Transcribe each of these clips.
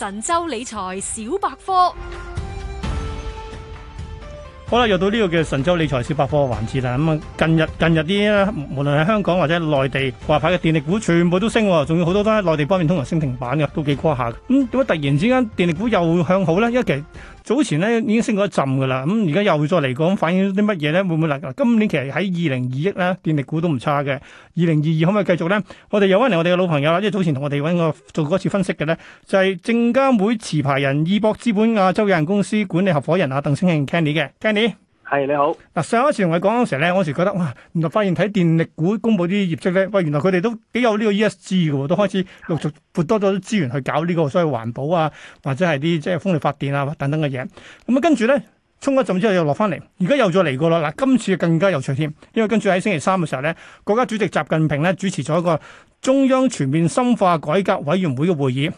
神州理財小百科，好啦，又到呢個嘅神州理財小百科嘅環節啦。咁啊，近日近日啲咧，無論係香港或者內地掛牌嘅電力股，全部都升，仲要好多都喺內地方面通常升停板嘅，都幾誇下嘅。咁點解突然之間電力股又向好咧？因為其實。早前咧已經升過一陣嘅啦，咁而家又再嚟講，反映啲乜嘢咧？會唔會嚟？今年其實喺二零二一咧，電力股都唔差嘅。二零二二可唔可以繼續咧？我哋有揾嚟我哋嘅老朋友啦，因為早前同我哋揾過做過一次分析嘅咧，就係證監會持牌人意博資本亞洲有限公司管理合夥人啊，鄧聲興 Kenny 嘅 Kenny。係你好，嗱上一次同你講嗰陣時咧，我時覺得哇，原來發現睇電力股公布啲業績咧，喂，原來佢哋都幾有呢個 E S G 嘅，都開始陸續撥多咗啲資源去搞呢、這個所謂環保啊，或者係啲即係風力發電啊等等嘅嘢。咁、嗯、啊，跟住咧衝一陣之後又落翻嚟，而家又再嚟過啦。嗱、啊，今次更加有趣添，因為跟住喺星期三嘅時候咧，國家主席習近平咧主持咗一個中央全面深化改革委員會嘅會議。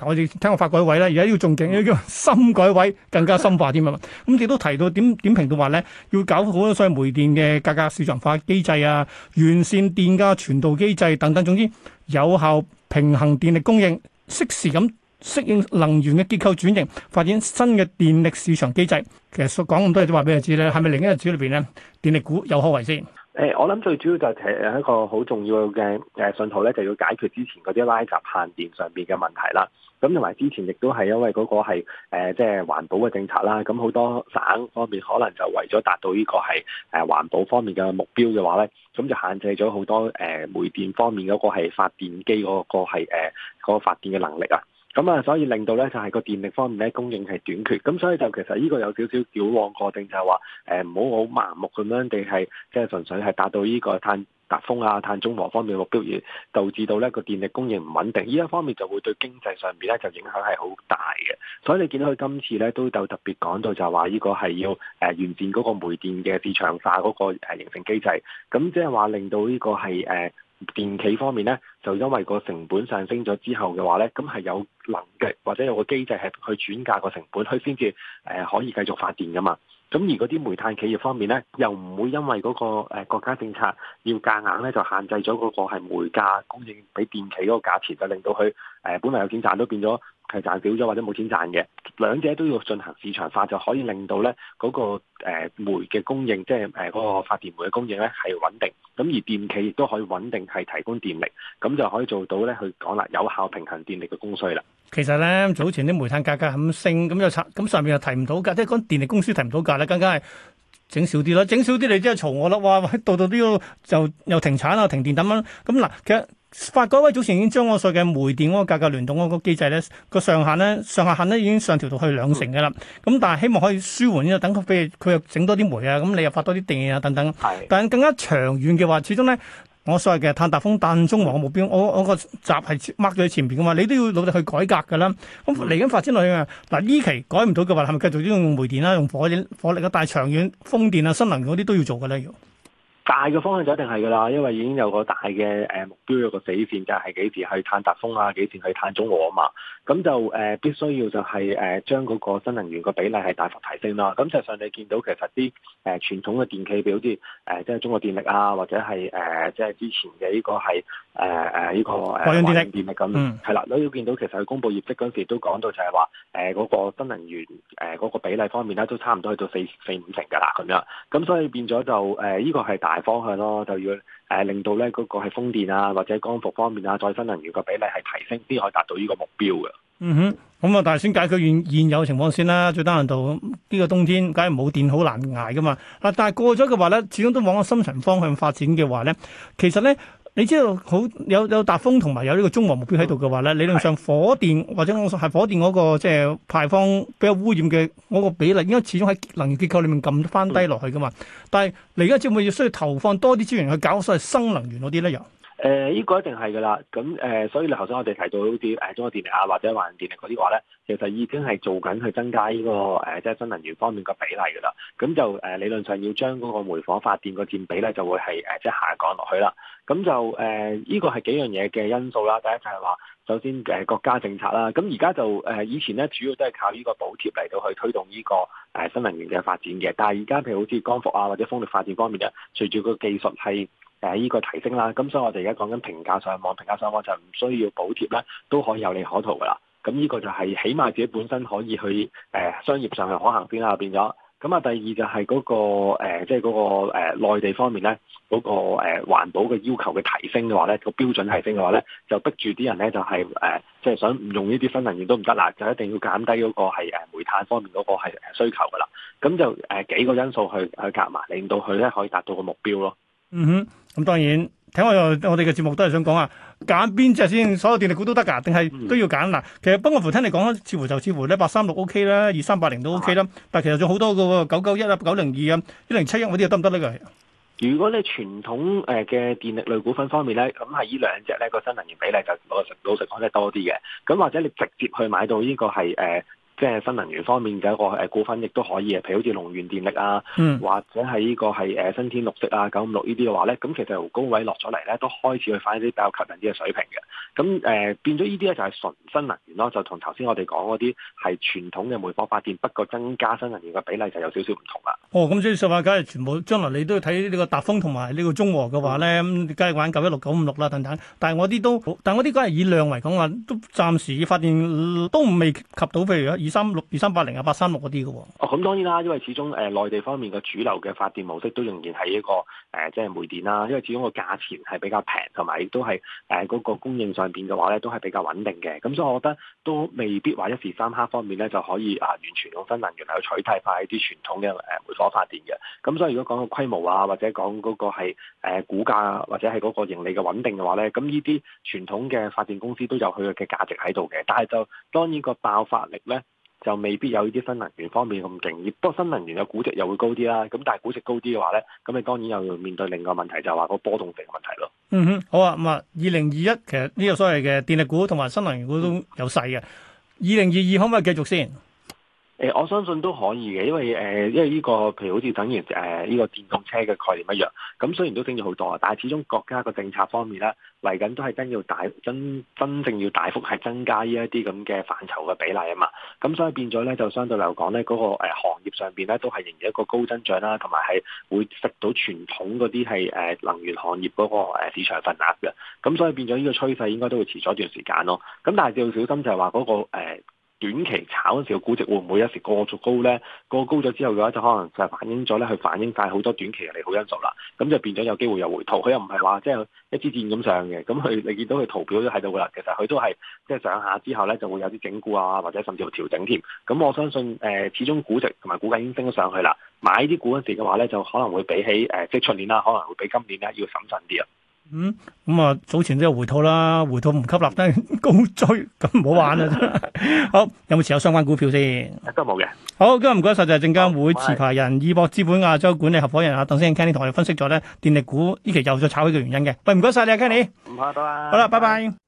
我哋聽個發改委咧，而家要仲勁，要叫深改委更加深化啲嘛？咁亦、 嗯、都提到點點評到話咧，要搞好咗所謂煤電嘅價格，格市場化機制啊，完善電價傳導機制等等，總之有效平衡電力供應，適時咁適應能源嘅結構轉型，發展新嘅電力市場機制。其實講咁多嘢都話俾你知咧，係咪另一日主力邊咧電力股有可為先？誒、欸，我諗最主要就係一個好重要嘅誒信號咧，就要解決之前嗰啲拉閘限電上邊嘅問題啦。咁同埋之前亦都係因為嗰個係誒即係環保嘅政策啦，咁好多省方面可能就為咗達到呢個係誒、呃、環保方面嘅目標嘅話咧，咁就限制咗好多誒、呃、煤電方面嗰個係發電機嗰個係誒嗰個發電嘅能力啊，咁啊所以令到咧就係、是、個電力方面咧供應係短缺，咁所以就其實呢個有少少矯枉過正、呃，就係話誒唔好好盲目咁樣地係即係純粹係達到呢、這個碳。颱風啊、碳中和方面嘅目標而導致到咧個電力供應唔穩定，呢一方面就會對經濟上邊咧就影響係好大嘅。所以你見到佢今次咧都有特別講到就，就係話呢個係要誒完善嗰個煤電嘅市場化嗰個誒形成機制，咁即係話令到呢個係誒、呃、電企方面咧，就因為個成本上升咗之後嘅話咧，咁係有能力或者有個機制係去轉嫁個成本，佢先至誒可以繼續發電噶嘛。咁而嗰啲煤炭企業方面咧，又唔會因為嗰、那個誒、呃、國家政策要夾硬咧，就限制咗嗰個係煤價供應俾電企嗰個價錢，就令到佢誒、呃、本嚟有錢賺都變咗係賺少咗或者冇錢賺嘅。兩者都要進行市場化，就可以令到咧嗰、嗰個、呃、煤嘅供應，即係誒嗰個發電煤嘅供應咧係穩定。咁而電企亦都可以穩定係提供電力，咁就可以做到咧去講啦，有效平衡電力嘅供需啦。其實咧，早前啲煤炭價格咁升，咁又拆，咁上面又提唔到價，即係講電力公司提唔到價咧，更加係整少啲咯，整少啲你即係嘈我啦，哇，度度都要就又停產啊，又停電等等。咁、嗯、嗱，其實發改委早前已經將我所嘅煤電嗰個價格聯動嗰個機制咧個上限咧上下限咧已經上調到去兩成噶啦。咁、嗯、但係希望可以舒緩，因為等佢，譬如佢又整多啲煤啊，咁、嗯、你又發多啲電啊等等。但係更加長遠嘅話，始終咧。我所謂嘅碳達峰、碳中和嘅目標，我我個集係掹咗喺前邊嘅嘛，你都要努力去改革嘅啦。咁嚟緊發展落去啊，嗱呢期改唔到嘅話，係咪繼續要用煤電啦、用火火力啦？大係長遠風電啊、新能源嗰啲都要做嘅咧，要大嘅方向就一定係嘅啦，因為已經有個大嘅誒目標，有個死線就係、是、幾時去碳達峰啊、幾時去碳中和啊嘛。咁就誒、呃、必須要就係、是、誒、呃、將嗰個新能源個比例係大幅提升啦。咁實際上你見到其實啲誒、呃、傳統嘅電企，比如啲誒、呃、即係中國電力啊，或者係誒、呃、即係之前嘅呢個係誒誒呢個誒華潤電力咁。嗯，係啦，你要見到其實佢公布業績嗰陣時都講到就係話誒嗰個新能源誒嗰、呃那個比例方面咧都差唔多去到四四五成㗎啦咁樣。咁所以變咗就誒依、呃這個係大方向咯，就要。誒，令到咧嗰個係風電啊，或者光伏方面啊，再生能源個比例係提升，先可以達到呢個目標嘅。嗯哼，咁啊，但係先解決現現有情況先啦。最低限度呢個冬天，梗係冇電好難捱噶嘛。嗱，但係過咗嘅話咧，始終都往個深層方向發展嘅話咧，其實咧。你知道好有有達峰同埋有呢個中和目標喺度嘅話咧，嗯、理論上火電或者我係火電嗰、嗰個即係、就是、排放比較污染嘅嗰個比例，應該始終喺能源結構裡面撳翻低落去噶嘛。嗯、但係嚟緊政府要需要投放多啲資源去搞所謂新能源嗰啲咧，又。誒依、呃這個一定係噶啦，咁誒、呃、所以你頭先我哋提到好似誒中國電力啊或者華潤電力嗰啲話咧，其實已經係做緊去增加呢、這個誒即係新能源方面嘅比例噶啦，咁就誒、呃、理論上要將嗰個煤火發電個佔比咧就會係誒、呃、即係下降落去啦，咁就誒依、呃這個係幾樣嘢嘅因素啦，第一就係話首先誒、呃、國家政策啦，咁而家就誒、呃、以前咧主要都係靠呢個補貼嚟到去推動呢、這個誒、呃、新能源嘅發展嘅，但係而家譬如好似光伏啊或者風力發展方面嘅，隨住個技術係。誒，依、啊這個提升啦，咁、嗯、所以我哋而家講緊平價上網，平價上網就唔需要補貼咧，都可以有利可圖噶啦。咁、嗯、呢、這個就係起碼自己本身可以去誒、呃、商業上係可行先啦，變咗。咁、嗯、啊，第二就係嗰、那個誒，即、呃、係、就是那個誒、呃就是那個呃、內地方面咧，嗰、那個誒環、呃、保嘅要求嘅提升嘅話咧，那個標準提升嘅話咧，就逼住啲人咧就係、是、誒，即、呃、係、就是、想唔用呢啲新能源都唔得啦，就一定要減低嗰個係誒煤炭方面嗰個係需求噶啦。咁就誒、呃呃、幾個因素去去夾埋，令到佢咧可以達到個目標咯。嗯哼，咁當然，睇我我哋嘅節目都係想講啊，揀邊隻先，所有電力股都得㗎，定係都要揀嗱？其實不過，乎聽你講，似乎就似乎咧，八三六 OK 啦，二三八零都 OK 啦，但係其實仲好多個九九一啊，九零二啊，一零七一，啲又得唔得呢？佢如果咧傳統誒嘅電力類股份方面咧，咁係呢兩隻咧個新能源比例就老實老實講得多啲嘅，咁或者你直接去買到呢個係誒。呃即係新能源方面嘅一個誒股份，亦都可以嘅，譬如好似龍源電力啊，或者係呢個係誒新天綠色啊、九五六呢啲嘅話咧，咁其實由高位落咗嚟咧，都開始去翻一啲比較吸引啲嘅水平嘅。咁誒變咗呢啲咧，就係純新能源咯，就同頭先我哋講嗰啲係傳統嘅煤火發電，不過增加新能源嘅比例就有少少唔同啦。哦，咁所以實話，梗係全部將來你都要睇呢個達峰同埋呢個中和嘅話咧，梗係、嗯、玩九一六九五六啦等等。但係我啲都，但係我啲梗係以量為講話，都暫時發電都唔未及到譬如，三六二三八零啊，八三六嗰啲嘅喎。哦，咁、嗯、當然啦，因為始終誒、呃、內地方面嘅主流嘅發電模式都仍然係一個誒、呃，即係煤電啦。因為始終個價錢係比較平，同埋亦都係誒嗰個供應上邊嘅話咧，都係比較穩定嘅。咁、嗯、所以，我覺得都未必話一時三刻方面咧就可以啊、呃，完全用新能源嚟取代翻啲傳統嘅誒煤火發電嘅。咁、嗯、所以，如果講規模啊，或者講嗰個係誒、呃、股價、啊、或者係嗰個盈利嘅穩定嘅話咧，咁呢啲傳統嘅發電公司都有佢嘅價值喺度嘅。但係就當然個爆發力咧，就未必有呢啲新能源方面咁勁，亦不過新能源嘅估值又會高啲啦。咁但係估值高啲嘅話咧，咁你當然又要面對另外問題，就係話個波動性嘅問題咯。嗯哼，好啊。咁啊，二零二一其實呢個所謂嘅電力股同埋新能源股都有勢嘅。二零二二可唔可以繼續先？誒、欸，我相信都可以嘅，因為誒、呃，因為依、這個譬如好似等於誒依個電動車嘅概念一樣，咁、嗯、雖然都升咗好多啊，但係始終國家個政策方面咧嚟緊都係真要大真真正要大幅係增加呢一啲咁嘅範疇嘅比例啊嘛，咁、嗯、所以變咗咧就相對嚟講咧嗰個、呃、行業上邊咧都係仍然一個高增長啦，同埋係會食到傳統嗰啲係誒能源行業嗰、那個、呃、市場份額嘅，咁、嗯、所以變咗呢個趨勢應該都會持續一段時間咯，咁但係要小心就係話嗰個、呃呃呃呃短期炒嗰時個估值會唔會有時過咗高呢？過高咗之後嘅話，就可能就係反映咗呢，佢反映晒好多短期嘅利好因素啦。咁就變咗有機會又回吐，佢又唔係話即係一支箭咁上嘅。咁佢你見到佢圖表都喺度啦，其實佢都係即係上下之後呢，就會有啲整固啊，或者甚至乎調整添。咁我相信誒、呃，始終估值同埋估計已經升咗上去啦。買啲股嗰時嘅話呢，就可能會比起誒、呃、即出年啦，可能會比今年呢要審慎啲啊。嗯，咁、嗯、啊，早前都有回吐啦，回吐唔吸納得， 高追咁唔好玩啊！ 好，有冇持有相關股票先？都冇嘅。好，今日唔該晒就係證監會持牌人意是博資本亞洲管理合夥人啊鄧聲興 Kenny 同我哋分析咗咧電力股呢期又再炒起嘅原因嘅。喂好，唔該晒你啊 Kenny。唔好啊。好啦 ny，拜拜。